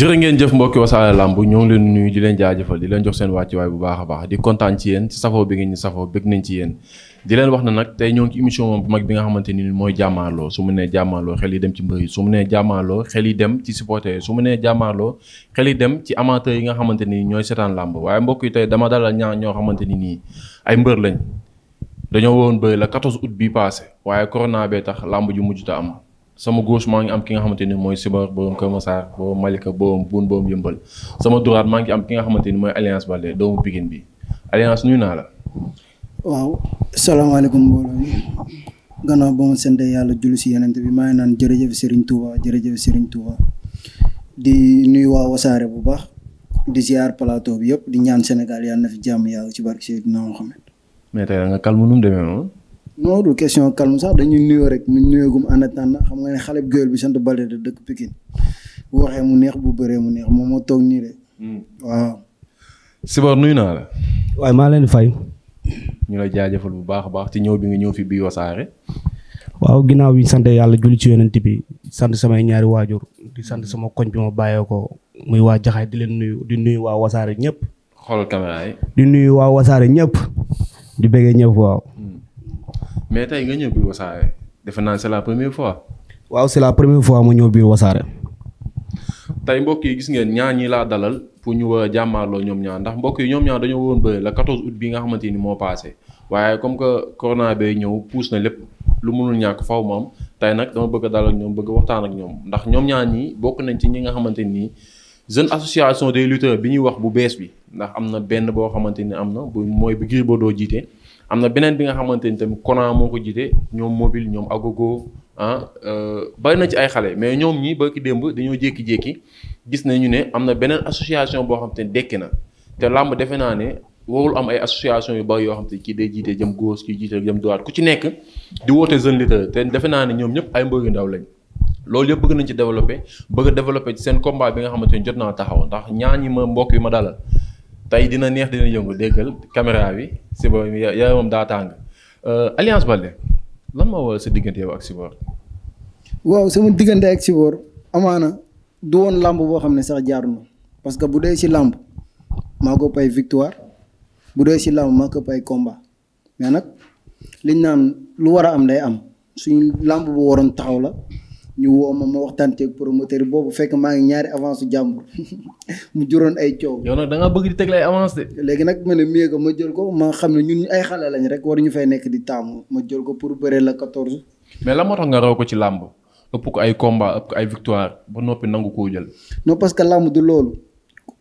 jërë ngeen jëf mbokki wasaare làmb ñoo ngi leen nuyu di leen jaajëfal di leen jox seen wàccuwaay bu baax a baax di kontaan ci yéen ci safoo bi ngeen ñu safoo bëgg nañ ci yéen di leen wax na nag tey ñoo ngi ci émission moom bu mag bi nga xamante ni mooy jàmmaarloo su mu nee jàmmaarloo xel yi dem ci mbër yi su nee jàmmaarloo xel yi dem ci supporter yi su mu nee jàmmaarloo xel yi dem ci amateur yi nga xamante ni ñooy seetaan làmb waaye mbokk yi tey dama dalal ñaar ñoo xamante ni nii ay mbër lañ dañoo woon bëri la 14 août bi passé waaye corona bee tax làmb ju mujj ta am sama gos maa ngi am ki nga xamante ni mooy Sibar borom Kër Massar borom Malika borom Boun borom Yëmbal sama droite maa ngi am ki nga xamante ni mooy Alliance Baldé doomu Pikine bi Alliance nuyu naa la. waaw salaamaaleykum mbooloo mi gannaaw ba ma sant yàlla julli si yeneen bi maa naan jërëjëf Serigne Touba jërëjëf Serigne Touba di nuyu waa wasaare bu baax di ziar plateau bi yëpp di ñaan Sénégal yàlla na fi jàmm yàlla ci barke Seydina Mohamed mu demee noonu non question calme sax dañuy nuyoo rek ñu nuyoogum en na xam nga ne xale bu bi sant Balde da dëkk Pikine bu waxee mu neex bu baree mu neex moom moo toog nii de. Hmm. Sibor nuyu naa la. waaye maa leen fay. ñu la jaajëfal bu baax a baax ci ñëw bi nga ñëw fi bii wasaare. waaw ginnaaw bi sant yàlla julli ci yonent bi sant samay ñaari waajur di sant sama koñ bi ma bàyyee ko muy waa jaxaay di leen nuyu di nuyu waa wasaare ñëpp. xool caméra di nuyu waa wasaare ñëpp. di bëggee ñëpp waaw. mais tey nga ñëw biir wasaare defe naa c'est la première fois. waaw c'est la première fois mu ñëw biir wasaare. tey mbokk yi gis ngeen ñaar ñi laa dalal pour ñu war a jàmmaarloo ñoom ñaa ndax mbokk yi ñoom ñaar dañoo woon bëri le 14 août bi nga xamante ni moo passé waaye comme que corona bay ñëw puus na lépp lu mënul ñàkk faw moom am tey nag dama bëgg a dalal ak ñoom bëgg waxtaan ak ñoom ndax ñoom ñaar ñi bokk nañ ci ñi nga xamante ni jeune association des lutteurs bi ñuy wax bu bees bi ndax am na benn boo xamante ni am na bu mooy bi Gris Bordeaux am na beneen bi nga xamante ni tamit Kona moo ko jiite ñoom mobile ñoom agogo ah euh, bari na ci ay xale mais ñoom ñi ba ki démb dañoo jékki-jékki gis nañu ne am na beneen association boo xam te ne na te làmb defe naa ne warul am ay association yu bari yoo xam te kii day jiite jëm gauche kii jiite jëm droite ku ci nekk di woote jeune leader te defe naa ne ñoom ñëpp ay mbër yu ndaw lañ loolu yëpp bëgg nañ ci développé bëgg a développé ci seen combat bi nga xamante ni jot naa taxaw ndax ñaar ñi ma mbokk yi ma dalal tey dina neex dina yëngu déggal caméra bi Sibor yaa moom daa tàng euh, Alliance Baldé lan moo waral sa diggante yow ak Sibor. waaw sama diggante ak Sibor amaana du woon làmb boo xam ne sax jaar na parce que bu dee si làmb maa ko pay victoire bu dee si làmb maa ko pay combat mais nag liñ naan lu war a am day am suñu làmb bu waroon taxaw la. ñu woo ma ma waxtaante ak promoteur boobu fekk maa ngi ñaari avance jàmbur mu juróon ay coow. yow nag da bëgg di teg lay avance de. léegi nag ma ne mieux ma jël ko ma xam ne ñun ay xale lañ rek war ñu fay nekk di taamu ma jël ko pour bëre la 14. mais la moo tax nga raw ko ci làmb ëpp ko ay combat ëpp ko ay victoire ba noppi nangu koo jël. no parce que làmb du loolu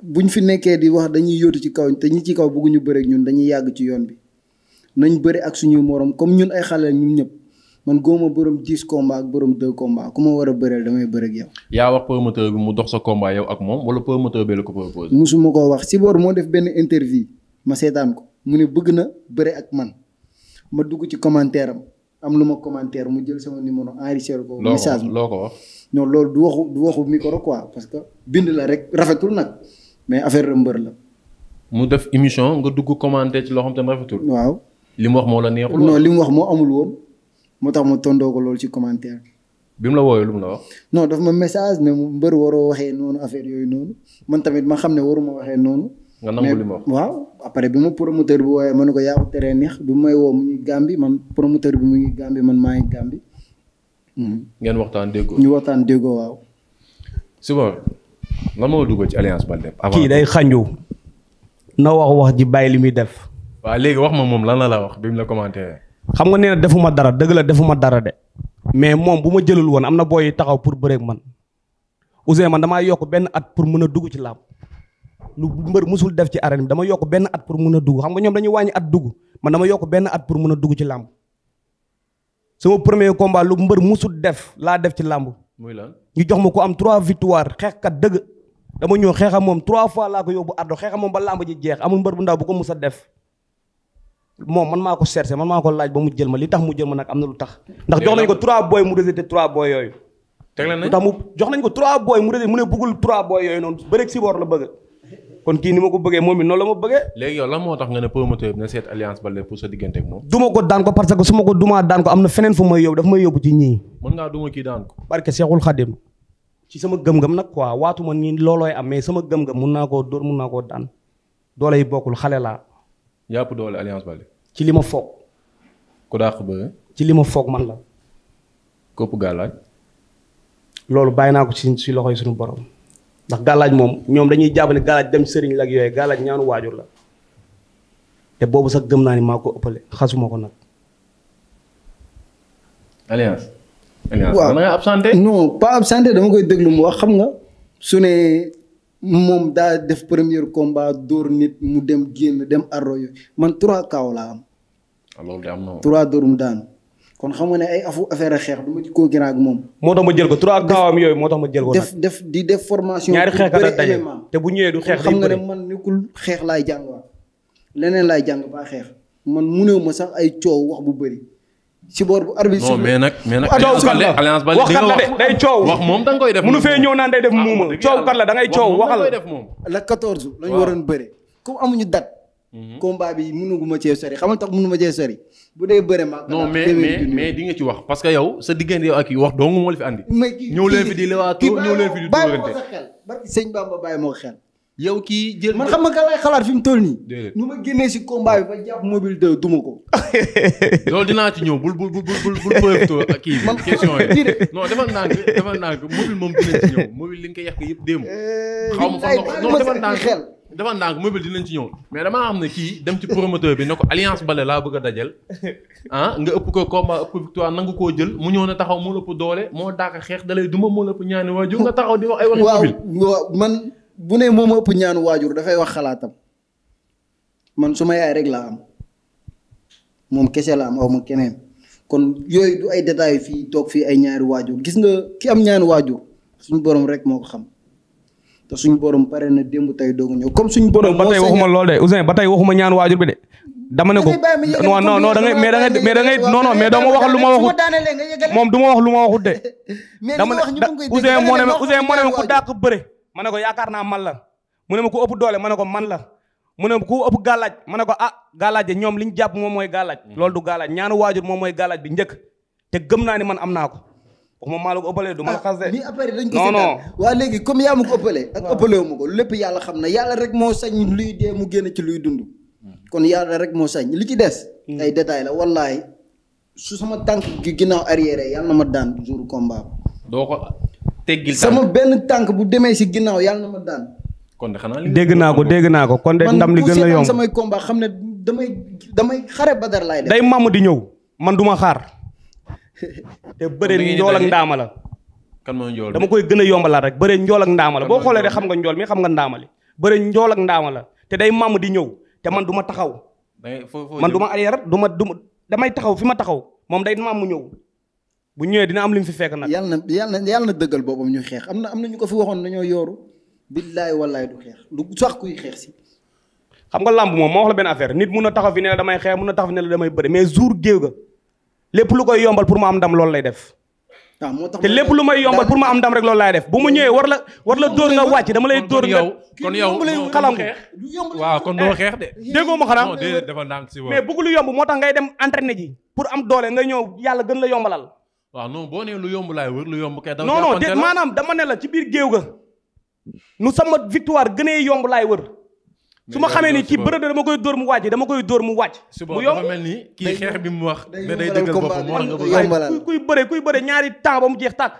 bu ñu fi nekkee di wax dañuy yóotu ci kaw te ñi ci kaw bëgguñu bëre ñun dañuy yàgg ci yoon bi nañ bëri ak suñuy morom comme ñun ay xale ñun ñëpp. man góoma borom dix combat ak borom deux combat ku ma war a bëreel damay bëre ak yow. yaa wax promoteur bi mu dox sa combat yow ak moom wala promoteur bi la ko proposé. musuma koo wax Sibor moo def benn interview ma seetaan ko mu ne bëgg na bëre ak man ma dugg ci commentaire am am lu ma commentaire mu jël sama numéro enregistré ko. message loo ko wax non loolu du waxu du waxu quoi parce que bind la rek rafetul nag mais affaire mbër la. mu def émission nga dugg commenté ci loo xam te ne rafetul. waaw li mu wax moo la neexul. non li mu wax moo amul woon. moo tax mu tondoo ko loolu ci commentaire bi mu la wooyee lu mu la wax. non daf ma message ne mu mbër waroo waxee noonu affaire yooyu noonu man tamit ma xam ne waruma waxee noonu. nga nangu li ma wax waaw après bi ma promoteur bi wooyee ma ne ko yaa ko neex bi may woo mu ngi Gàmbi man promoteur bi mu ngi Gàmbi man maa ngi Gàmbi. Mhm. ngeen waxtaan déggoo. ñu waxtaan déggoo waaw. suba lan moo dugg ci alliance Baldé. avant kii day xanju. na wax wax ji bàyyi li muy def. waaw léegi wax ma moom lan laa la wax bi mu la commenté. xam nga nee na defuma dara dëgg la defuma dara de mais moom bu ma jëlul woon am na booy taxaw pour bëreeg man Ouzin man damaa yokk benn at pour mën a dugg ci làmb lu mbër musul def ci arène dama yokk benn at pour mën a dugg xam nga ñoom dañuy waañ at dugg man dama yokk benn at pour mën a dugg ci làmb sama premier combat lu mbër musul def laa def ci làmb muy lan ñu jox ma ko am trois victoire kat dëgg dama ñëw xeexa moom trois fois laa ko yóbbu ardo xeexa moom ba làmb ji jeex amul mbër bu ndaw bu ko mus a def moom man maa ko cherché man maa ko laaj ba mu jël ma li tax mu jël ma nag am na lu tax. ndax jox nañ ko 3 boy mu rejeté 3 boy yooyu. lu tax mu jox nañ ko 3 boy mu rejeté mu ne bëggul 3 boy yooyu noonu bëreeg si boor la kon kii ni ma ko bëggee moom it noonu la ma bëggee. léegi yow lan moo tax nga ne promoteur bi na seet daan ko parce que su ma ko dumaa daan ko am na feneen fu may yóbbu dafa may yóbbu ci ñii. mën ngaa duma kii daan ko. barke Seexul Xadim ci sama gëm-gëm nag quoi waatuma nii loolooy am sama gëm-gëm mun naa koo dóor mun naa koo daan doole yi bokkul xale laa yàpp doole alliance Baldé. ci lima ma foog. ku dàq bëre. ci li ma foog man la. këpp gàllaaj. loolu bàyyi naa ko ci si loxoy suñu borom. ndax gàllaaj moom ñoom dañuy jàppale ne gàllaaj dem sëriñ la ak gàllaaj ñaanu waajur la. te boobu sax gëm naa ni maa ko ëppale xasuma ko nag. alliance. alliance da nga absenté. dama koy déglu mu xam nga su ne moom daa def première combat dóor nit mu dem génn dem arro yooyu man trois kaw laa am. Ah, loolu de na trois dóor mu daanu. kon xam nga ne ay afu affaire xeex du ma ci concurrent ak moom. moo tax ma jël ko trois kaw am yooyu moo tax ma jël ko. def def di def formation. ñaari xeex kat daje te bu ñëwee du xeex xam nga ne man nekkul xeex laay jàng waa leneen laay jàng ba xeex man mu munew ma sax ay coow wax bu bëri. ci boor bu arbitre non mais nag mais nag coow kat la waxkat la de day coow wax moom da nga koy def mënu fee ñëw naan day def muuma ah, coow kat la da ngay coow waxal la quatorze lañu waroon bëre comme amuñu date mhm. combat bi mënuguma cee sori xamal tax mënuma cee sori bu dee bëre ma non mais mais mais di nga ci wax parce que yow sa diggante yow ak yi wax dong moo la fi andi ñëw leen fi di lewaatoo ñëw leen fi di dóorante barki sëñ Bamba xel yow kii jël man xam nga ka lay xalaat fi mu toll nii. ñu ma génnee si combat bi ba jàpp mobile 2 duma ko. loolu dinaa ci ñëw bul bul bul bul bul kii bi question yi. non defal ndànk defal ndànk mobile moom dinañ ci ñëw mobile li nga ko yàq yëpp démb. Eh, xaw ma fan nga non defal ndànk defal ndànk mobile dinañ ci ñëw. mais damaa xam ne kii dem ci promoteur bi ne ko alliance bale laa bëgg a dajal ah nga ëpp ko combat ëpp victoire nangu koo jël mu ñëw na taxaw moo la ëpp doole moo daaka xeex dalay duma moo la ëpp ñaani waajur nga taxaw di wax ay wax mobile waaw man bu nee moom ëpp ñaanu waajur dafay wax xalaatam man suma yaay rek laa am moom kese laa am aw ma keneen kon yooyu du ay détails fii toog fii ay ñaari waajur gis nga ki am ñaanu waajur suñu borom rek moo ko xam te suñu borom suñu borom. ba tey waxuma lool de Ouzin ba tey dama ne ko non non non da ngay mais da wax lu ma waxut moom du ma wax lu ma waxut de. dama ne Ouzin moo ne ma moo ne ma ku bëre. ma ko yaakaar naa man la mu ne ma ku ëpp doole ma ne ko man la mu ne ku ëpp gàllaaj ma ne ko ah gàllaaj de ñoom li ñu jàpp moom mooy gàllaaj hmm. loolu du gàllaaj ñaanu waajur moom bi njëkk te gëm naa ni man am naa ko waxuma maa maalo ko ëppalee du ma la ah, xas de. nii après dañ ko seetaan waa léegi comme yaa ma ko ëppalee ak ëppalee ma ko lépp yàlla xam na yàlla rek moo sañ luy dee mu génn ci luy dund hmm. kon yàlla rek moo sañ li ci des hmm. ay détail la wallaahi su sama tànk gi ginnaaw arrière yàlla na ma daan jour combat doo ko teggil sama benn tànk bu demee si ginnaaw yàlla na ma daan. kon de dégg naa ko dégg naa ko kon de ndam li gën la yomb samay combat xam ne damay damay xare badar laay day mamu di ñëw man duma xaar. te bëre njool ak ndaama la. kan mooy dama koy gën a yombalaat rek bëre njool ak ndaama la boo xoolee de xam nga njool mii xam nga ndaama li bëre njool ak ndaama la te day mamu di ñëw te man du ma taxaw. man duma ma arrière du ma du damay taxaw fi ma taxaw moom day mamu ñëw bu ñëwee dina am lu mu fi fekk nag. yàlla na yàlla na yàlla na dëggal boppam ñu xeex am na am na ñu ko fi waxoon dañoo yooru. billaay wallaay du xeex lu sax kuy xeex si. xam nga làmb moom moo wax la benn affaire nit mun na taxa fi ne damay xeex mun na taxaw fi ne damay bëri mais jour géew ga lépp lu koy yombal pour mu am ndam loolu lay def. waaw ah, moo tax te lépp lu may yombal pour ma am ndam rek lool laay def bu mu ñëwee war la war la dóor nga wàcc dama lay dóor nga. kon yow xalam waaw kon doo xeex de. Eh. déggoo ma xanaa mais bëgg lu yomb moo tax ngay dem entraîné ji pour am doole nga ñëw yàlla gën la yombalal waaw non boo nee lu yomb laay wër lu yomb kay. non non maanaam dama ne la ci biir géew ga nu sama victoire gënee yomb laay wër. su ma xamee ni kii bërëb dama koy dóor mu wàcc dama koy dóor mu wàcc. mu yomb mel ni kii xeex bi mu wax. day dëggal boppam moo nga kuy kuy bëre kuy bëre ñaari temps ba mu jeex tàkk.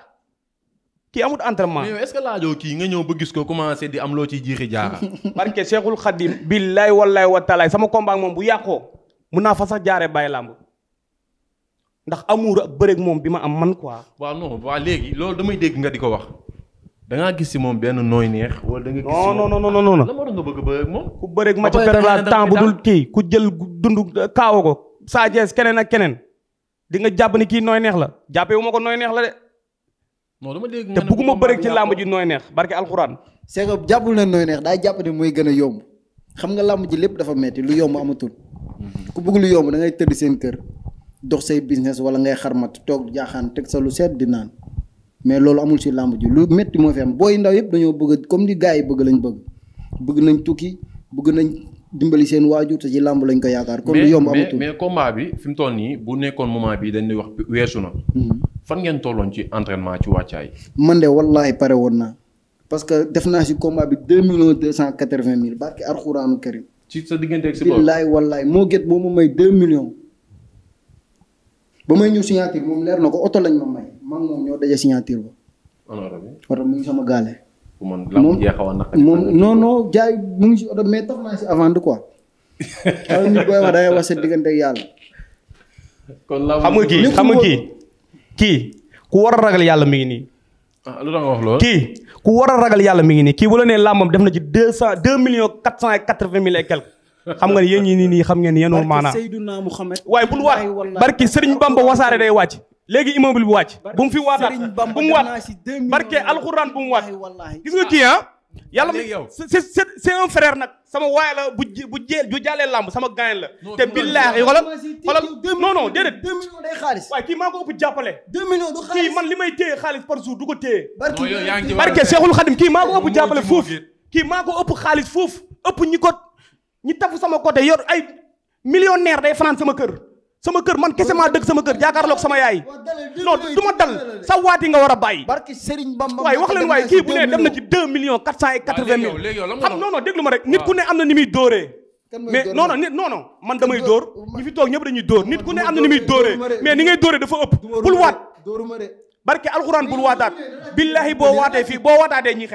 kii amut entraînement mais est-ce que laajoo kii nga ñëw ba gis ko commencé di am loo ciy jiixi jaara. barke Cheikhul Khadim. billaay wallaay wa taalaay sama combat moom bu yàqoo mun naa fa sax jaaree bàyyi làmb ndax amuur ak bëreeg moom bi ma am man quoi. waa non waaw léegi loolu damay dégg nga di ko wax. dangaa gis si moom benn nooy neex. wala da nga gis non non non non non. lan moo doon nga bëgg a bëreeg moom. ku kii ku jël dund euh, kaawa ko. Sa Thiès ak keneen. di nga jàpp ni kii nooy neex la jàppee wu ko nooy neex la de. non dama dégg te bëgguma bëreeg ci làmb ji nooy neex barke alxuraan. c'est que jàppul na nooy neex daay jàpp ne mooy gën a yomb xam nga làmb ji lépp dafa metti lu yomb amatul hmm. ku bëgg lu yomb da ngay tëdd seen kër dox say business wala ngay xarmat toog jaaxaan teg sa lu seet di naan mais loolu amul si làmb ji lu métti moo fi am booy ndaw yëpp dañoo bëgg comme ni gars yi bëgg lañ bëgg bëgg nañ tukki bëgg nañ dimbali seen waajur te ci làmb lañ ko yaakaar. comme lu yomb amatul mais mais bi fi mu toll nii bu nekkoon moment bi dañ wax weesu na. Mhm. fan ngeen tolloon ci entraînement ci wàccaay. man de wallaahi pare woon naa parce que def naa si combat bi deux millions deux cent quatre vingt mille barki alxuraanu karim. ci sa diggante ak si bopp billaay millions. ba may ñëw signature moom leer na ko oto lañ ma may maa moom ñoo daje signature ba. oto mi ngi sama gaale. man lamb jeexawoon na. moom non non jaay mu ngi si oto mais tax naa si avant de quoi. xam nga booy wax da ngay wax sa diggante yàlla. kon lamb xam nga kii xam nga kii kii ku war a ragal yàlla mi ngi nii. Ah, kii ku a mi ngi nii kii bu la nee làmbam def na ci deux cent deux millions quatre cent et quatre vingt mille et quelque. xam nga ne xam ngeen ni yenoo maanaa waaye bul waat barki sëriñ bamba wasaare day wàcc léegi immeuble bi wàcc bu mu fi waataat bu mu waat barke alxuraan bu mu waat gis nga kii ah, ah yàlla c'est c'est un frère nag sama waay la bu bu jee bu jàllee sama gaañ la te billaahi xoolal xoolal non non déedéet deux millions day xaalis waaye kii maa ko ëpp jàppale kii man li may téye xaalis par jour du ko téye barke Seexul Xadim kii maa ko ëpp jàppale foofu kii maa ëpp xaalis foofu ëpp ñi ñi tafu sama côté yor ay millionnaire day fanaan sama kër sama kër man kese maa dëkk sama kër jaakaarloog sama yaay non du ma dal sa waat nga war a bàyyi waaye wax leen waaye kii bu ne dem na ci deux millions quatre cent et quatre-vingt mille xam non déglu ma rek nit ku ne am na ni muy dóoree mais non nit non man damay dóor ñi fi toog ñëpp dañuy dóor nit ku ne am na ni muy dóoree mais ni ngay dóoree dafa ëpp bul waat barke alxuraan bul boo waatee fii boo waataatee ñuy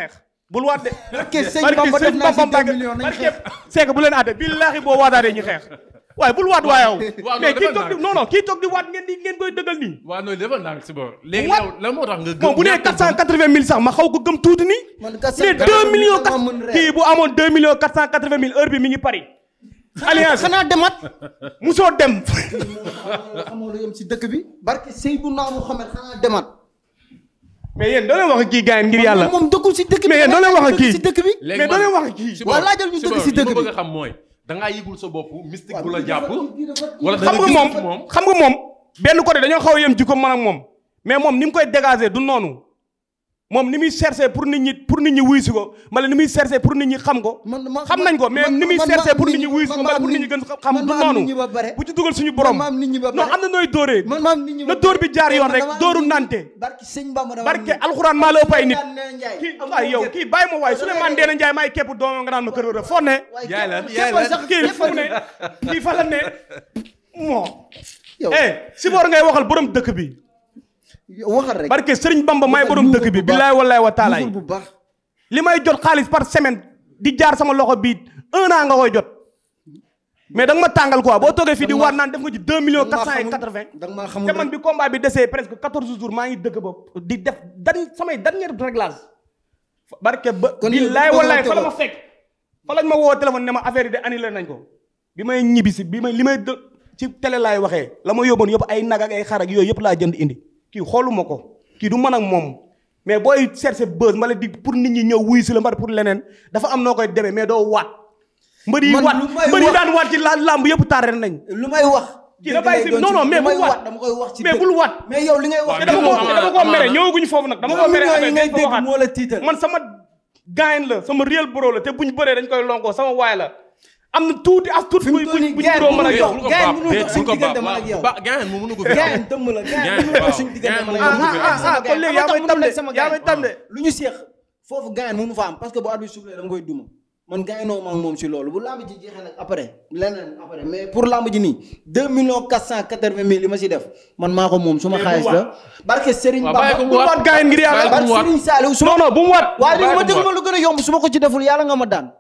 bul waat de. barke sëñ Bamba naa si deux millions nañ xeex c'est que bu leen àtte billaahi boo waataatee ñu xeex. waaye bul waat waaye yow. mais kii toog di waat ngeen koy dëggal nii. waaw noonu defal bu nee quatre sax ma xaw ko gëm tuuti nii. man quatre cent deux kii bu amoon deux millions quatre cent vingt mille heure bi mi ngi Paris. alliance xanaa demat soo dem. xamoo lu yem si dëkk bi. barke Seydou Naamou Mohamed xanaa demat. mais yéen doo leen wax ak kii gars yi ngir yàlla moom dëkkul si dëkk bi mais yéen doo leen wax ak kii si dëkk bi mais doo leen wax a kii waaw laajal ñu dëkk si dëkk bi bëgg a xam mooy da ngaa yëgul sa bopp mystique bu la jàpp wala xam nga moom xam nga moom benn côté dañoo xaw a yem jikko man ak moom mais moom ni mu koy dégager du noonu moom ni muy cherché pour nit ñi pour nit ñi wuy si ko mbala ni muy cherché pour nit ñi xam ko xam nañ ko mais ni muy cherché pour nit ñi wuy si ko mbala pour nit ñi gën xam du noonu bu ci dugal suñu borom non am na nooy dóoree na dóor bi jaar yoon rek dóoru nante barke alxuraan maa la ëpp ay nit kii waay yow kii bàyyi ma waay Souleymane Ndéné Ndiaye maay képp doomam nga naan ma kër wër foo ne kii fu ne kii fa la ne moo eh si boor ngay waxal borom dëkk bi waxal rek barke Sëriñ Bamba may borom dëkk bi billaay wallaay wa taala baax li may jot xaalis par semaine di jaar sama loxo bii un nga koy jot mais da nga ma tàngal quoi boo toogee fii di war naan def nga ci deux millions quatre cent et quatre-vingts te man bi combat bi desee presque quatorze jours maa ngi dëkk ba di def dan samay dernier réglage barke ba billaay wallaay fa la ma fekk fa lañ ma woo téléphone ne ma affaire yi de annulé nañ ko bi may ñibbisi bi may li may ci télé laay waxee la ma yóbboon yëpp ay nag ak ay xar ak yooyu yëpp laa jënd indi kii xooluma ko kii du man ak moom mais booy chercher buzz ma la di pour nit ñi ñëw wuyu si la mbar pour leneen dafa am noo koy demee mais doo waat. mbër yi waat mbër yi daan làmb yëpp tardé nañ. lu may wax. kii da bàyyi si non non mais bul waat dama wax ci mais bul waat. mais yow li ngay wax dama ko dama ko mere ñëwaguñu foofu nag. dama ko mere affaire ngay dégg moo la tiital man sama gaayen la sama réel bro la te buñ bëree dañ koy lonkoo sama waay la am na tuuti as tuuti bu bu bu juróom mën ak yow gaañ mënu dox diggante man ak yow gaañ moom mënu ko fi gaañ dëmm diggante man ah, ah, ah, lu ñu seex foofu gaañ mënu fa am parce que bu arbitre soufflé da nga ma moom si loolu bu lamb ji jeexee nag après leneen après mais ma si def moom suma xaalis la barke Serigne Bamba bu wat gaañ ngir yàlla barke Serigne Saliou suma non non bu mu ma ko ci deful yàlla nga ma daan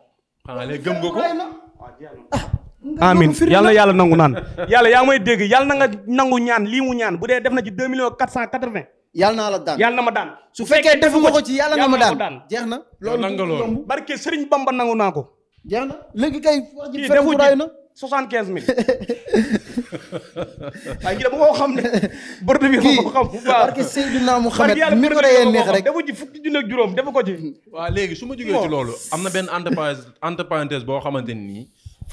Ah, amin yàlla yàlla nangu naan yàlla yaa may dégg yàlla na nga nangu ñaan lii mu ñaan bu dee def na ci deux millions quatre cent quatre-vingt yàlla naa la daan yàlla na ma daan su fekkee defu ma ko ci yàlla na ma daan jeex na loolu barke Sëriñ Bamba nangu naa ko jeex na léegi kay fekk raay na soixante quinze mille waaye ngi dama koo xam ne bordo bi ma ko xam bu baax barke Seydina Mouhamed mi ko dee neex rek defu ci fukki junni juróom defu ko ci waaw léegi su ma jógee ci loolu am na benn entre parenthèse boo xamante nii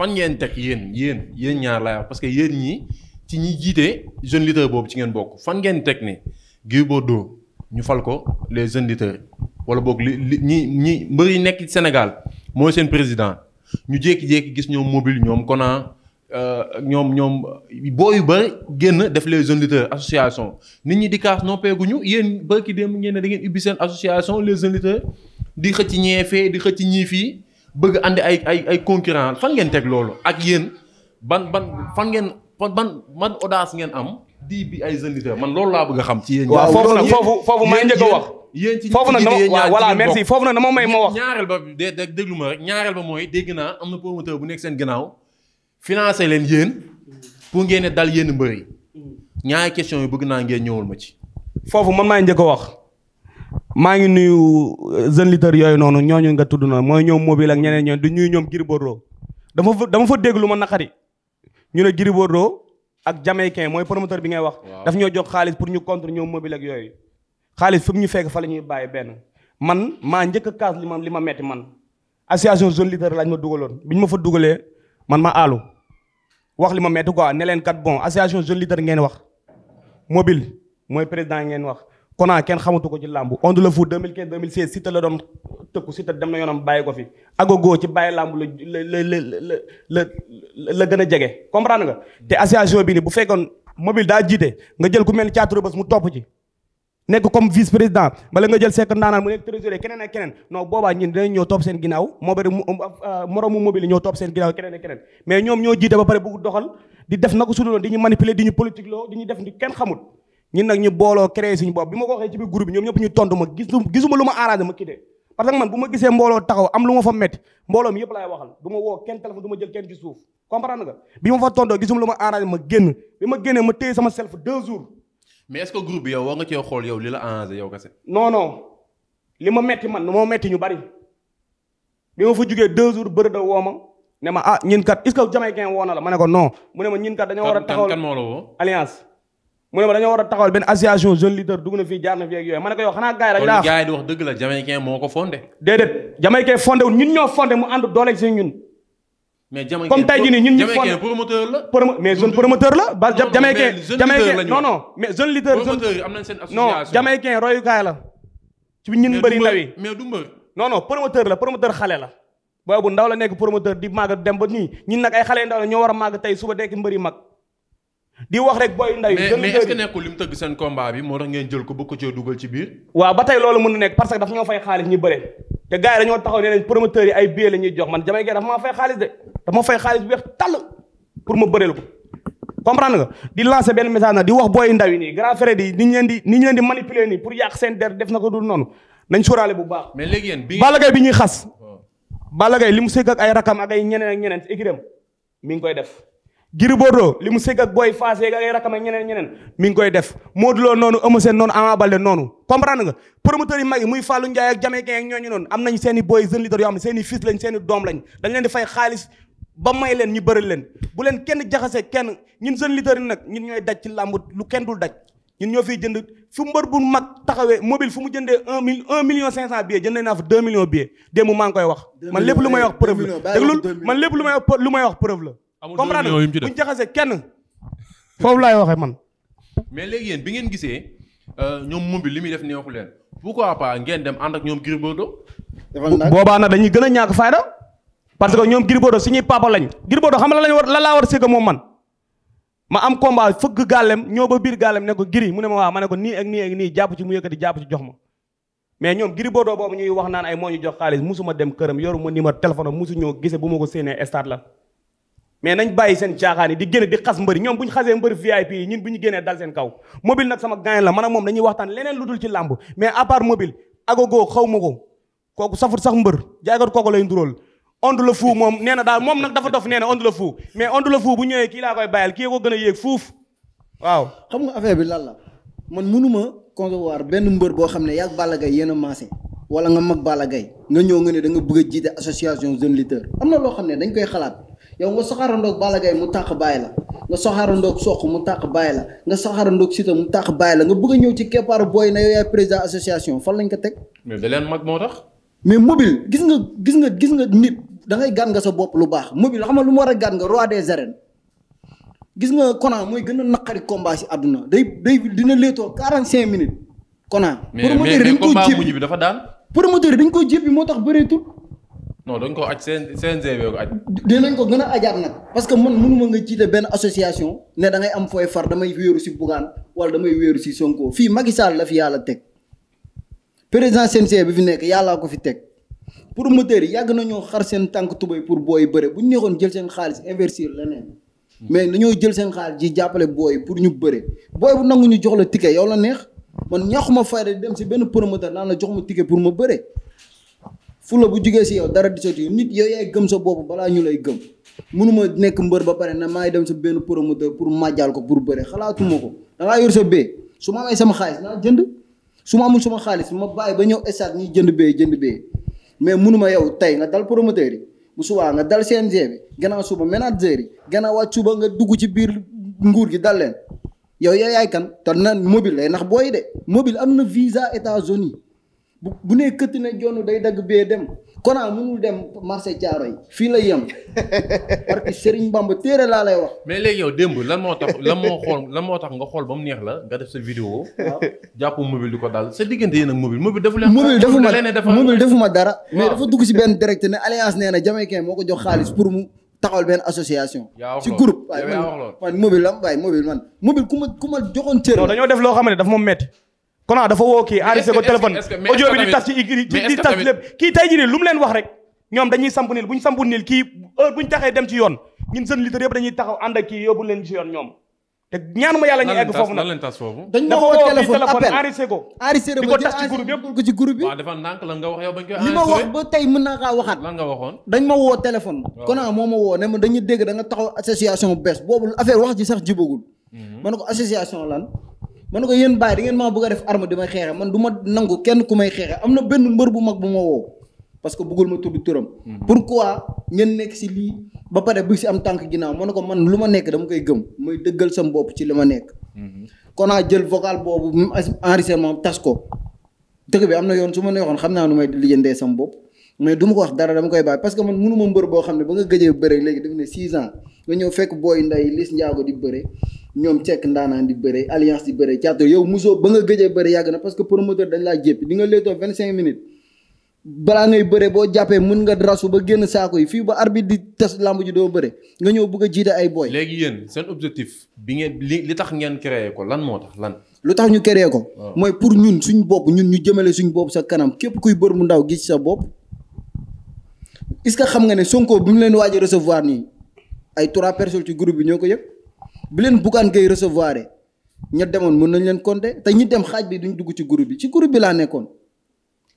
fan ngeen teg yéen yéen yéen ñaar laay parce que yéen ñi ci ñi jiite jeune leader boobu ci ngeen bokk fan ngeen teg ne boo Bordeaux ñu fal ko les jeune leaders wala boog li ñi ñi mbër yi nekk Sénégal mooy seen président ñu jékki-jékki gis ñoom mobile ñoom Kona euh, ñoom ñoom boo yu bëri génn def les jeunes leaders association nit ñi di kaas noppeeguñu yéen ki dem ngeen ne da ngeen ubbi seen association les jeunes leaders di xëcc ñee fee di xëcc ñii fii. bëgg andi ay ay ay concurrent fan ngeen teg loolu ak yéen ban ban fan ngeen ban ban audace ngeen am di bi ay jeunes man loolu laa bëgg a xam. ci yéen waaw foofu nag foofu foofu may njëkk a wax. yéen ci foofu nag dama voilà foofu nag dama may ma wax. ñaareel ba de déglu ma rek ñaareel ba mooy dégg naa am na promoteur bu nekk seen gannaaw financé leen yéen pour ngeen dal yéen mbër yi ñaari question yi bëgg naa ngeen ñëwul ma ci. foofu man maay njëkk a wax. maa ngi nuyu euh, jeune leader yooyu noonu ñooñu nga tudd na mooy ñoom mobile ak ñeneen ñoom di ñuy ñoom Gris Bordeaux dama fa dama fa dégg lu ma naqari ñu ne Gris Bordeaux ak jamay Jamaïcain mooy promoteur bi ngay wax. daf ñoo jox xaalis pour ñu contre ñoom mobile ak yooyu. xaalis fi ñu fekk fa la ñuy bàyyi benn man maa njëkk a kaas li ma li ma metti man association jeune leader lañ ma dugaloon bi ñu ma fa dugalee man ma aalu wax li ma metti quoi ne leen kat bon association jeune ngeen wax mobile mooy président ngeen wax. Kona kenn xamatu ko ci làmb on le foot 2015 2016 Siteu la doon tëkku Siteu dem na yoonam bàyyi ko fi agogo ci bàyyi làmb la la la gën a jege comprendre nga. te association bi ni bu fekkoon mobile daa jiite nga jël ku mel ni caatu Rebeuss mu topp ci. nekk comme vice président bala nga jël sekk ndaanaan mu nekk trésorier keneen ak keneen non boobaa ñun dinañ ñoo topp seen ginnaaw moo bari mobile euh, ñoo topp seen ginnaaw keneen ak keneen ñun nag ñu booloo créé suñu bopp bi ma ko waxee ci biir groupe bi ñoom ñëpp ñu tontu ma gisu gisuma lu ma arrangé ma quitté parce que man bu ma gisee mbooloo taxaw am lu ma fa métti mbooloo mi yëpp laay ma woo kenn téléphone du ma jël kenn ci suuf comprendre nga bi ma fa tontoo gisuma lu ma arrangé ma génn bi ma génnee ma téye sama self deux jours mais est-ce que groupe bi yow war nga cee xool yow li la arrangé yow kese non non li ma metti man moo metti ñu bari bi ma fa jugee deux jours bëri da woo ma ne ma ah ñun kat est-ce que jamaïcain woo na la ma ne ko non mu ne ma ñun kat war a taxaw kan moo la woo mu ne ma dañoo war a taxawal benn association jeune leader dugg na fii jaar na fii ak yooyu ma ne ko xanaa gars yi dañ di wax dëgg la jamaïcain moo ko fondé. déedéet jamaïcain fondé wu ñun mu ànd dooleeg si ñun. mais comme tey jii nii ñun ñu fondé promoteur la. promoteur la. la. ci ñun mbëri ndaw yi du mbër non non promoteur la promoteur xale la. booy bu ndaw la nekk promoteur di màgg dem ba nii ñun nag ay xale ndaw la ñoo war a màgg tey suba dekk mbëri mag di wax rek booy ndaw yi. seen combat bi moo tax ngeen jël ko bëgg ko cee dugal ci biir. waaw ne leen promoteurs yi ay billets la ñuy jox man Jamaye Gaye dafa maa fay xaalis de dafa ma fay xaalis bu weex tàll pour ma bëreel ko comprendre di lancer benn message nag di wax booy ndaw yi nii grand frère yi ni ñu leen di ni ñu di manipuler nii pour yàq seen der def na ko dul noonu nañ sóoraale bu baax. mais léegi yéen bi Balla Gaye bi ñuy xas. Oh. Balla li mu sëgg ak ay rakam ak ay ñeneen ak ñeneen écurie mi ngi koy def Gris Bordeaux li mu sëgg ak booy faase ak ay rakam ak ñeneen ñeneen mi ngi koy def Modou Lo noonu Eumeu Sène noonu Ama Baldé noonu comprendre nga promoteurs yi mag yi muy Fallou Ndiaye ak Jamaïcain ak ñooñu noonu am nañ seen i booy jeunes leaders yoo xam ne seen i lañ seen doom lañ dañ leen di fay xaalis ba may leen ñu bëri leen bu leen kenn jaxase kenn ñun jeunes leaders yi nag ñun ñooy daj ci làmb lu kenn dul daj ñun ñoo fiy jënd fu mbër bu mag taxawee mobile fu mu jëndee un mille un million cinq cent billets jëndee naa fa deux millions billets démb may wax preuve la comprendre buñ jaxase kenn foofu laay waxee man mais léegi yéen bi ngeen gisee euh, ñoom moom li muy def neexu leen pourquoi pas ngeen dem ànd ak ñoom Gris Bordeaux boobaa nag dañu gën a ñàkk fayda parce que ñoom Gris Bordeaux suñuy papa lañ Gris xam la lañ war la laa war séga moom man ma am combat fëgg gàllem ñoo ba biir gàllem ne ko Gris mu ne ma waaw ma ne ko nii ak nii ak nii jàpp ci mu yëkkati jàpp ci jox ma mais ñoom Gris Bordeaux ñuy wax naan ay moo jox xaalis musuma dem këram yoru ma numéro téléphone musu ñoo gise bu ma ko séenee stade la mais nañ bàyyi seen caaxaan di génne di xas mbëri ñoom bu ñu xasee mbëri VIP yi ñun bu ñu génnee dal seen kaw mobile nag sama gaañ la man ak moom ma ko kooku safut sax mbër jaaykat kooku lay nduróol ondu la fou moom nee na daal moom nag dafa dof nee na ondu la fou mais ondu la fou bu ñëwee kii laa koy bàyyal kii ko gën a yéeg fuuf waaw xam nga affaire bi lan la man mënuma concevoir benn mbër boo xam ne yàgg Balla Gaye yéen a maase wala nga mag Balla Gaye nga ñëw nga ne da nga bëgg a jiite association jeune lutteur am na loo xam ne dañ koy xalaat yow nga soxarandoog Balla Gaye mu tàq bàyyi la nga soxarandoog Sokh mu tàq bàyyi la nga soxarandoog Siteu mu tàq bàyyi la nga bëgg a ñëw ci keppaaru booy na yow yaay président association fan lañ ko teg. mais da leen mag moo tax. mais mobile gis nga gis nga gis nga nit da ngay gàn sa bopp lu baax mobile xam nga lu mu war a gàn nga roi des arènes gis nga Kona mooy gën a naqari combat si àdduna day day dina léetoo 45 minutes. Kona. promoteur dañ ko mais mais combat mujj bi dafa daan. promoteur dañ ko jépp moo tax bëreetul. non dañ ko aj CNG bee ko aj. dinañ ko gën a ajaat nag parce que man mënuma nga jiite benn association ne da ngay am fooy far damay wéeru si Bougane wala damay wéeru si Sonko fii Macky Sall la fi yàlla teg président CNG bi fi nekk yàlla ko fi teg. promoteurs yi yàgg nañoo xar seen tànk tubay pour booy bëre bu ñu neexoon jël seen xaalis investir leneen mais dañoo jël seen xaalis ji jàppale booy pour ñu bëre booy bu nangu ñu jox la ticket yow la neex man ñaxuma fayda dem si benn promoteur naan la jox ma ticket pour ma bëre fula bu jugee si yow dara di soti nit yow yaay gëm sa boobu balaa ñu lay gëm mënuma nekk mbër ba pare na maay dem sa benn promoteur pour màjjal ko pour bëre xalaatuma ko dangaa yor sa bee su ma amee sama xaalis naa jënd su ma amul sama xaalis ma baay ba ñëw stade ñuy jënd bee jënd bee mais mënuma yow tey nga dal promoteur yi bu subaa nga dal CNG bi gannaaw suuba manager yi gannaaw wàcc suba nga dugg ci biir nguur gi dal leen yow yaay kan te naa mobil lay ndax booy de mobile am na visa États-Unis bu bu nee këtt na jonn day dagg bee dem Kona mënul dem marché caaro yi fii la yam parce que Serigne Bamba téere laa lay wax. mais léegi yow démb lan moo tax lan moo xool moo tax nga xool ba mu neex la nga def sa vidéo. waaw jàpp mobile di ko daal sa diggante yéen ak mobile mobile defu leen. mobile defu ma mobile defu ma dara. mais dafa dugg si benn direct ne alliance nee na jamaïcain moo ko jox xaalis pour mu. taxawal benn association. ci groupe waaye man mobile la waaye mobile man mobile ku ma ku ma joxoon cër. non dañoo def loo xam ne daf ma metti Kona dafa woo kii enregistré ko téléphone audio bi di tas ci di tas kii tey jii nii lu leen wax rek ñoom dañuy sampu niil bu ñu sampu niil kii heure bu ñu taxee dem ci yoon ñun seen litre yëpp dañuy taxaw ànd kii yóbbu leen ci yoon ñoom te ma yàlla ñu egg foofu nag dañ ma woo téléphone appel enregistré ko enregistré di ko tas ma woo ne ma dañuy dégg da nga association bees boobu affaire wax ji sax jibagul mhm. ma ko association lan man ko yéen bàyyi da ngeen maa bëgg a def arme di may xeexe man du ma nangu kenn ku may xeexe am na benn mbër bu mag bu ma woo parce que bëggul ma tudd turam. Mhm. pourquoi ngeen nekk si lii ba pare bi si am tànk ginnaaw man ko man lu ma nekk dama koy gëm muy dëggal sam bopp ci li ma nekk. Mhm. kon naa jël vocal boobu enregistrement tas ko dëkk bi am na yoon su ma neexoon xam naa nu may lijjandee sam bopp. mais du ma ko wax dara dama koy bàyyi parce que man mënuma mbër boo xam ne ba nga gëjee bëre léegi daf ne 6 ans nga ñëw fekk booy nday lis njaago di ñoom cekk ndaanaan di bëre alliance di bëre caatu yow musoo ba nga gëjee bëre yàgg na parce que promoteur dañ laa jéppi di nga léetoo vingt cinq minutes balaa ngay bëree boo jàppee mën nga rasu ba génn saako yi fii ba arbitre di tas làmb ji doo bëre nga ñëw bugg a jiite ay booy léegi yéen seen objectif bi ngeen li li tax ngeen créé ko lan moo tax lan lu tax ñu créé ko mooy pour ñun suñ bopp ñun ñu jëmale suñ bopp sa kanam képp kuy bër mu ndaw gis sa bopp est-ce que xam nga ne Sonko bi mu leen waaj a recevoir nii ay trois personnes ci groupe ko yëg bi leen Bougane Gueye recevoir ña demoon mën nañ leen compter te ñi dem xaaj bi duñu dugg ci groupe bi ci groupe bi laa nekkoon.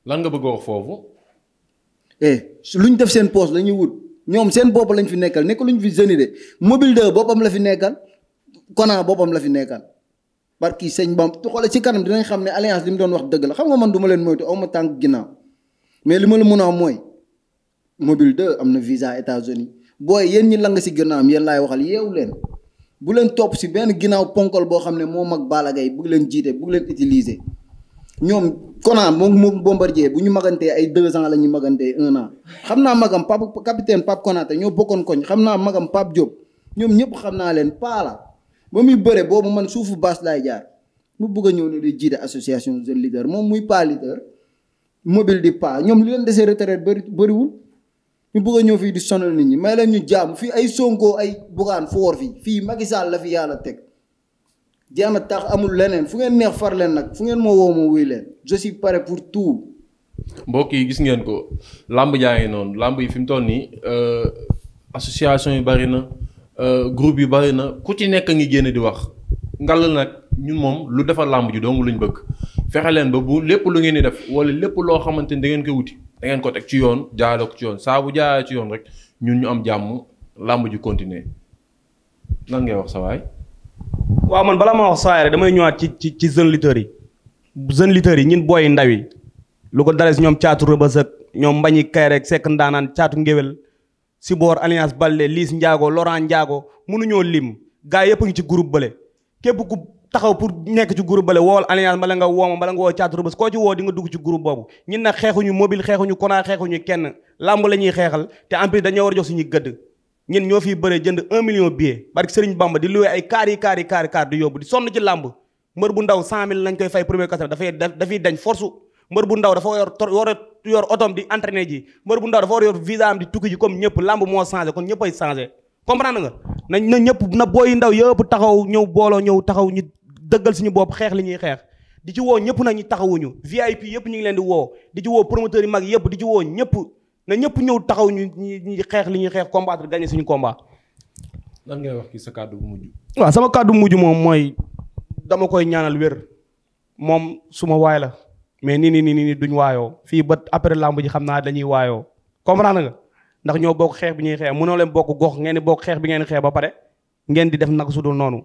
lan nga bëgg a wax foofu. eh luñ def seen poste la ñuy wut ñoom seen bopp lañ fi nekkal nekk luñ fi jeunes de mobile de boppam la fi nekkal Kona boppam la fi nekkal. parce que sëñ Bam ci kanam dinañ xam ne alliance li mu doon wax dëgg la xam nga man duma leen moytu aw ma tànk ginnaaw mais li ma la mun a mooy mobile de am na visa États-Unis booy yéen ñi lang si ginnaawam yéen laay waxal yeewu leen. bu leen topp si benn ginnaaw ponkol boo xam ne moo mag Balla Gaye bugg leen jiite bugg leen utiliser ñoom Kona moom moom Bombardier bu ñu magantee ay deux ans la ñu magantee un an xam naa magam pap capitaine Pape Konaté ñoo bokkoon koñ xam naa magam Pape Diop ñoom ñëpp xam naa leen paala ba muy bëre boobu man suufu baas laay jaar mu bëgg ñëw ne di jiite association jeune leader moom muy pas leader mobile di pas ñoom lu leen desee retraite bëri bëriwul ñu bëgg ñëw fii di sonal nit ñi may leen ñu jaam fii ay Sonko ay Bougane foor fii fii Macky Sall la fi yàlla teg jeex na tax amul leneen fu ngeen neex far leen nag fu ngeen moo woo moo wuy leen je pare prêt pour tout. mbokk yi gis ngeen ko làmb jaa ngi noonu làmb yi fi mu toll nii euh, association yi bari na euh, groupe yi bari na ku ci nekk ngi génn di wax ngàll nag ñun moom lu defar làmb ji doomu luñ bëgg fexe leen ba bu lépp lu ngeen di def wala lépp loo xamante ni da ngeen koy wuti. da ngeen ko teg ci yoon jaarale ko ci yoon saabu bu ci yoon rek ñun ñu am jàmm làmb ju continuer nan ngay wax sa waay. waaw man balaa ma wax saa rek damay ñëwaat ci ci ci jeunes lutteurs yi jeunes lutteurs yi ñun booy ndaw yi lu ko ñoom caatu rëbës ñoom mbañi kay rek sekk ndaanaan caatu ngéwél si boor alliance Balde Liis Ndiago Laurent Ndiago mënuñoo lim gars yëpp a ngi ci group bële képp ku taxaw pour nekk ci groupe bale wool alliance bala nga wooma bala nga woo caatu rëbës koo ci woo di dugg ci groupe boobu ñun nag xeexuñu mobile xeexuñu konaa xeexuñu kenn làmb la xeexal te en dañoo war a jox suñu gëdd ñun ñoo fiy bëree jënd un million billet barke Sëriñ Bamba di loué ay kaar yi kaar yi kaar di yóbbu di sonn ci làmb mbër bu ndaw cent mille lañ koy fay premier kase dafay dafay dañ force mbër bu ndaw dafa dëggal suñu bopp xeex li ñuy xeex di ci woo ñëpp nañu taxawuñu VIP yëpp ñu ngi leen di woo di woo promoteur yi mag yëpp di ci woo ñëpp ñëpp ñëw taxaw ñu ñu xeex li ñuy xeex combattre gagner suñu combat. lan ngay wax sa kàddu mujj. waaw sama kàddu mujj moom mooy dama koy ñaanal wér moom suma waaye la mais nii nii nii nii duñ waayoo fii ba après làmb ji xam naa dañuy waayoo comprendre nga ndax ñoo bokk xeex bi ñuy xeex mënoo leen bokk gox ngeen di bokk xeex bi ngeen xeex ba pare ngeen di def nag su dul noonu.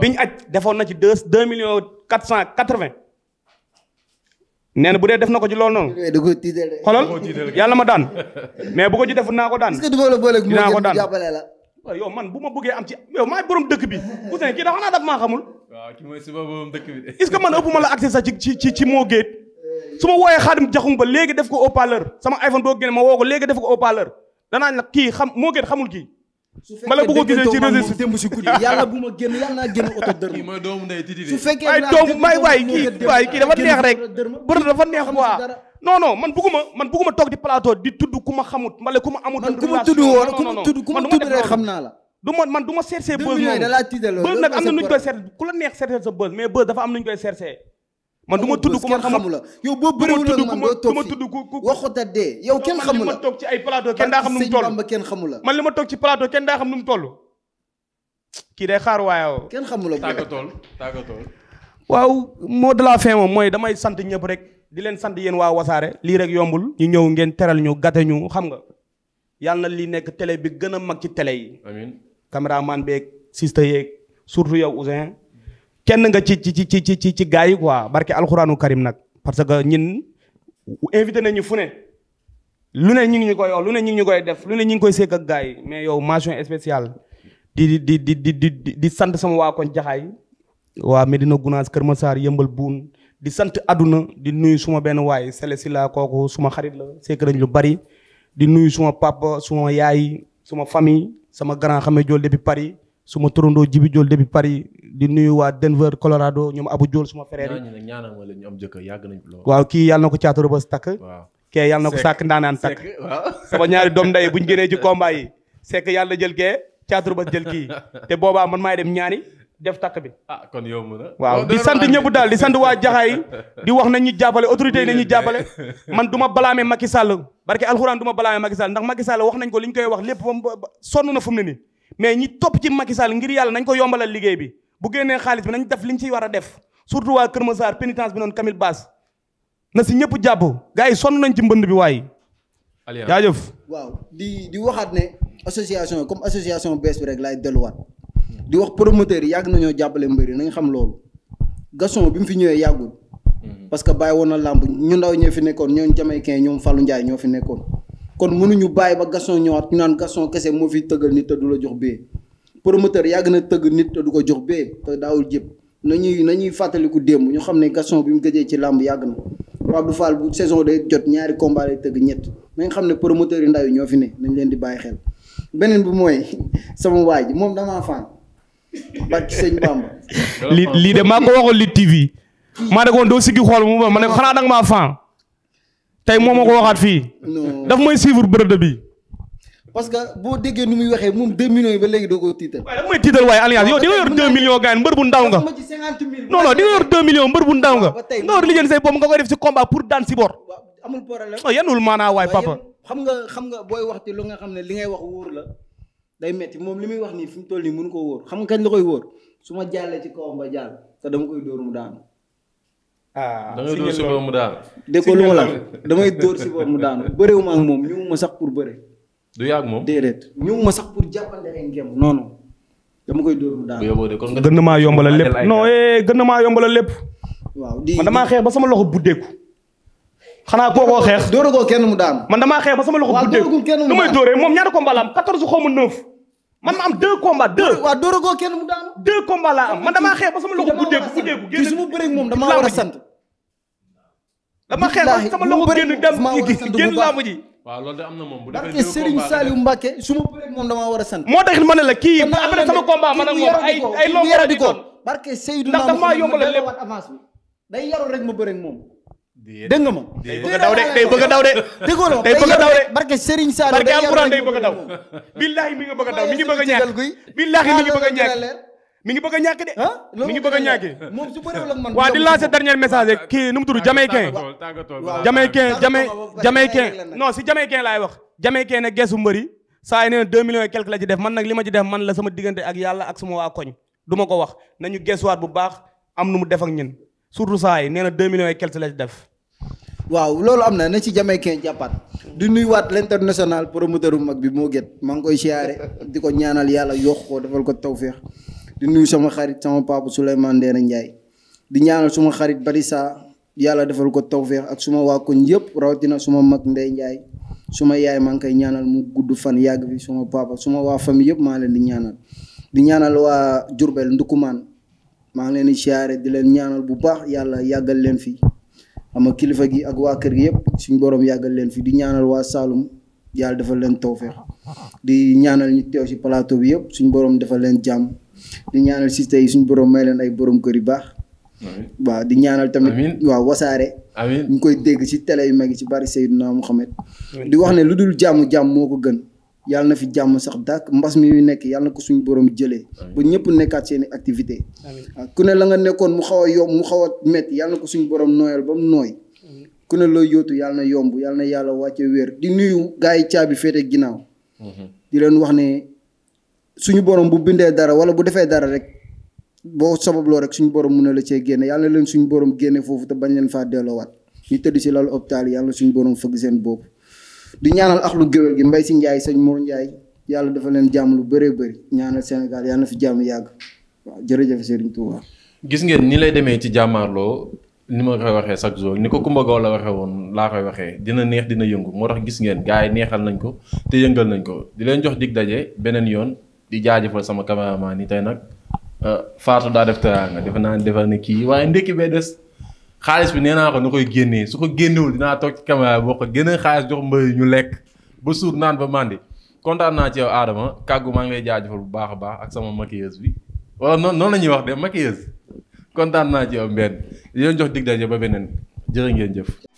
biñ aj defoon na ci deux deux millions quatre cent quatre vingt neen na bu dee def na ko ci loolu noonu. xolol yàlla ma daan mais bu ko ci defut naa ko daan. dinaa ko daan waaw yow man bu ma bëggee am ci yow maay borom dëkk bi Ousseyn kii dafa naa daf maa xamul. waaw ki mooy ce que man ëpp ma la accès sax ci ci ci moo géet su ma wooyee Xaadim Jaxum ba léegi def ko haut sama iPhone boo génne ma woo ko léegi def ko haut-parleur danaa la kii xam moo géet xamul kii. mala bu gisee ci réseau si démb si guddi yàlla bu ma génn yàlla naa génn oto dërëm mooy doomu ndey titi su fekkee waay doom waay waay kii waay kii dafa neex rek bër dafa neex quoi non non man bugguma man bugguma toog di plateau di tudd ku xamut mbala ku amut naa la du ma man du ma chercher buzz nag am na nuñ koy chercher ku sa buzz mais buzz dafa am nuñ koy chercher man du ma tudd ku man xamul la yow boo bëriwul ak man doo toog fi waxuta dee yow kenn xamul la man li ma toog ci ay plateau kenn daa xam nu mu toll kenn xamul la man li ma toog ci plateau kenn daa xam nu mu kii day xaar waaye kenn xamul la tàggatool waaw moo de la moom mooy damay sant ñëpp rek di leen sant yéen waa wasaare lii rek yombul ñu ñëw ngeen teral ñu gate ñu xam nga yàlla lii nekk télé bi gën a mag ci télé yi amiin caméraman beeg sista yeeg surtout yow Ousin kenn nga ci ci ci ci ci ci gars yi quoi barke alxuraanu karim nag parce que ñin invité nañu fu ne lu ne ñu ngi ñu koy wax lu ne ñu koy def lu ne ñu ngi koy seeg ak gars mais yow mention spéciale di di di di di di sant sama waa koñ jaxaay waa Medina Gunaas Kër Masaar yëmbal buun di sant àdduna di nuyu suma benn waay sele si la kooku suma xarit la seeg nañ lu bari di nuyu suma papa suma yaay suma fami sama grand xame jool bi pari suma turandoo jibi jool bi pari di nuyu waa Denver Colorado ñoom Abu Jool suma frère yi. ñaanal ma leen ñu am jëkkër yàgg nañ lool. waaw kii yàlla na ko caatu rëbës takk. waaw kee yàlla na ko sàkk ndaanaan takk. sama ñaari doom ndey bu ñu génnee ci combat yi. sekk yàlla jël kee caatu rëbës jël kii te boobaa man maay dem ñaani def takk bi. ah kon waaw di sant ñëpp daal di sant waa Jaxaay di wax nañ ñu jàppale autorité yi nañ ñu jàppale. man du ma balaame Macky Sall barke alxuraan du ma balaame Macky Sall ndax Macky Sall wax nañ ko li ñu koy wax lépp sonn na fu mu ne ngir yàlla nañ ko yombalal liggéey bi bu génnee xaalis bi nañ li ñu ciy war a def surtout waa Kër Massar pénitence bi noonu Camille Bass na si ñëpp jàpp gars yi sonn nañ ci mbënd bi waaye. jaajëf waaw di di waxaat ne association comme association bees bi rek laay delluwaat di wax promoteurs yi yàgg nañoo jàppale mbër yi nañ xam loolu Gaston bi mu fi ñëwee yàggul. Mhm. parce que bàyyi woon na làmb ñu ndaw ñoo fi nekkoon ñoom Jamaïcain ñoom Fallou Ndiaye ñoo fi nekkoon kon mënuñu bàyyi ba Gaston ñëwaat naan Gaston kese moo fi tëggal nit te la jox bee promoteur yàgg na tëgg nit te du ko jox bee te daawul jëpp nañuy nañuy fàttaliku démb ñu xam ne Gaston bi mu gëjee ci làmb yàgg na Pape Abdou Fall bu saison de jot ñaari combat lay tëgg ñett nañ xam ne promoteur yi ndaw yi ñoo fi ne nañ leen di bàyyi xel beneen bi mooy sama waa ji moom damaa faan barki sëñ Bamba li lii de maa ko waxoon li TV maa ne ko doo siggi xool mu ma ne xanaa danga maa faan tey moom moo ko waxaat fii daf mooy suivre bërëb bi parce que boo déggee ni muy waxee moom 2 millions yi ba léegi doo ko tiital. waaye mooy tiital waaye alliance yow di nga yor 2 millions gars mbër bu ndaw nga. non non di nga yor nga. koy def si combat pour oh, xam nga booy wax ci nga xam ne li ngay wax wóor la day metti moom li muy wax nii fi mu toll nii mënu koo wóor xam nga kañ la koy ma jàllee ci kawam ba jàll te dama koy dóor mu daanu. ah da ngay dóor si boobu mu daanu. dégg ko lu ma la damay dóor si boobu mu daanu bëriwuma ak moom ñëwuma sax pour bëre du yàgg moom déedéet ñëw ma sax pour jàppale noonu dama koy dóor mu daal. gën na maa yombalal lépp non eh gën na maa yombalal lépp. waaw di man damaa xeex ba sama loxo buddeeku. xanaa kookoo xeex dóoragoo kenn mu daan. man damaa xeex ba sama loxo buddeeku nu may dóoree moom ñaata combat la am 14 xaw ma 9. man ma am 2 combat 2. waaw dóoragoo kenn mu daan. 2 combat la am man damaa xeex ba sama loxo buddeeku buddeeku. génn su moom damaa war a sant. dama xeex ba sama loxo génn dem génn làmb ji waaw loolu de am na moom bu defee Serigne Saliou Mbacke su ma bëree moom damaa war a sant. moo tax ma la kii après sama combat man ak moom ay ay loo war a di doon barke Seydou ndax damaa yombalal lépp day yaru rek ma bëre moom. dégg nga day bëgg daw de day bëgg daw de. barke Serigne Saliou. barke alxuraan day bëgg daw. billaahi mi nga daw mi ngi bëgg mi ngi bëgg a ñàkk de. mi ngi bëgg a ñàkk moom su bëree man. waa di lancer dernier message rek kii nu mu tudd Jamaïcain. Jamaïcain Jamaïcain non si Jamaïcain laay wax. Jamaïcain nag geesu mbëri saa yi nee na 2 millions et quelque la ci def man nag li ma ci def man la sama diggante ak yàlla ak sama waa koñ du ma ko wax nañu geesuwaat bu baax am nu mu def ak ñun surtout saa yi nee na 2 millions et quelque la ci def. waaw loolu am na na ci Jamaïcain jàppaat di nuyuwaat l'international promoteur bu mag bi moo gét maa ngi koy siyaare di ko ñaanal yàlla yokk ko defal ko tawféex di nuyu sama xarit sama papa Souleymane Ndéné Ndiaye di ñaanal suma xarit Barissa yàlla defal ko tawféex ak suma waa koñ yëpp rawatina suma mag Ndeye Ndiaye suma yaay maa ngi koy ñaanal mu gudd fan yàgg fi suma papa suma waa famille yëpp maa leen di ñaanal di ñaanal waa Diourbel Ndukumaan maa ngi leen di siyaare di leen ñaanal bu baax yàlla yàggal leen fi xam kilifa gi ak waa kër gi yëpp suñ borom yàggal leen fi di ñaanal waa saalum yàlla defal leen tawféex di ñaanal ñu bi yëpp suñu borom defal leen jàmm. di ñaanal si tey suñ borom may leen ay borom kër yu baax. waaw di ñaanal tamit. waaw wasaare. amiin ñu koy dégg si télé yu mag yi ci bari Seydina Mohamed. di wax ne lu dul jàmm jàmm moo ko gën. yàlla na fi jàmm sax dàkk mbas mi muy nekk yàlla na ko suñu boroom jëlee. ba ñëpp nekkaat seen activité ku ne la nga nekkoon mu xaw a yomb mu xaw a métti yàlla ko suñu borom nooyal ba mu nooy. ku ne looy yootu yàlla na yomb yàlla na yàlla wàcce wér di nuyu gars yi caabi féete ginnaaw. Mhm. di leen wax ne suñu borom bu bindee dara wala bu defee dara rek boo sababloo rek suñu borom mun na la cee génne yàlla na leen suñu borom génne foofu te bañ leen faa delloowaat ñu tëdd si lalu hôpital yàlla na suñu borom fëgg seen bopp. di ñaanal axlu géwél gi mbay si Ndiaye sëñ Mor Ndiaye yàlla dafa leen jàmm lu baree bëri ñaanal senegal yàlla fi jàmm yàgg waaw jërëjëf Serigne Touba. gis ngeen ni lay demee ci jàmmaarloo ni ma koy waxee chaque jour ni ko Kumba Gaw la waxee woon laa koy waxee dina neex dina yëngu moo tax gis ngeen gars yi neexal nañ ko te yëngal nañ ko di jox dig daje beneen yoon di jaajëfal sama caméraman ni tey nag euh, Fatou daa def teraanga defe naa defal ne kii waaye ndekki bee des xaalis bi nee naa ko nu koy génnee su ko génnewul dinaa toog ci caméra boo ko génne xaalis jox mbay ñu lekk ba suur naan ba màndi kontaan naa ci yow Adama kàggu maa ngi lay jaajëfal bu baax a baax ak sama maquilleuse bi wala noonu noonu la ñuy wax de maquilleuse kontaan naa ci yow mbenn yoon jox dig ba beneen jërë ngeen jëf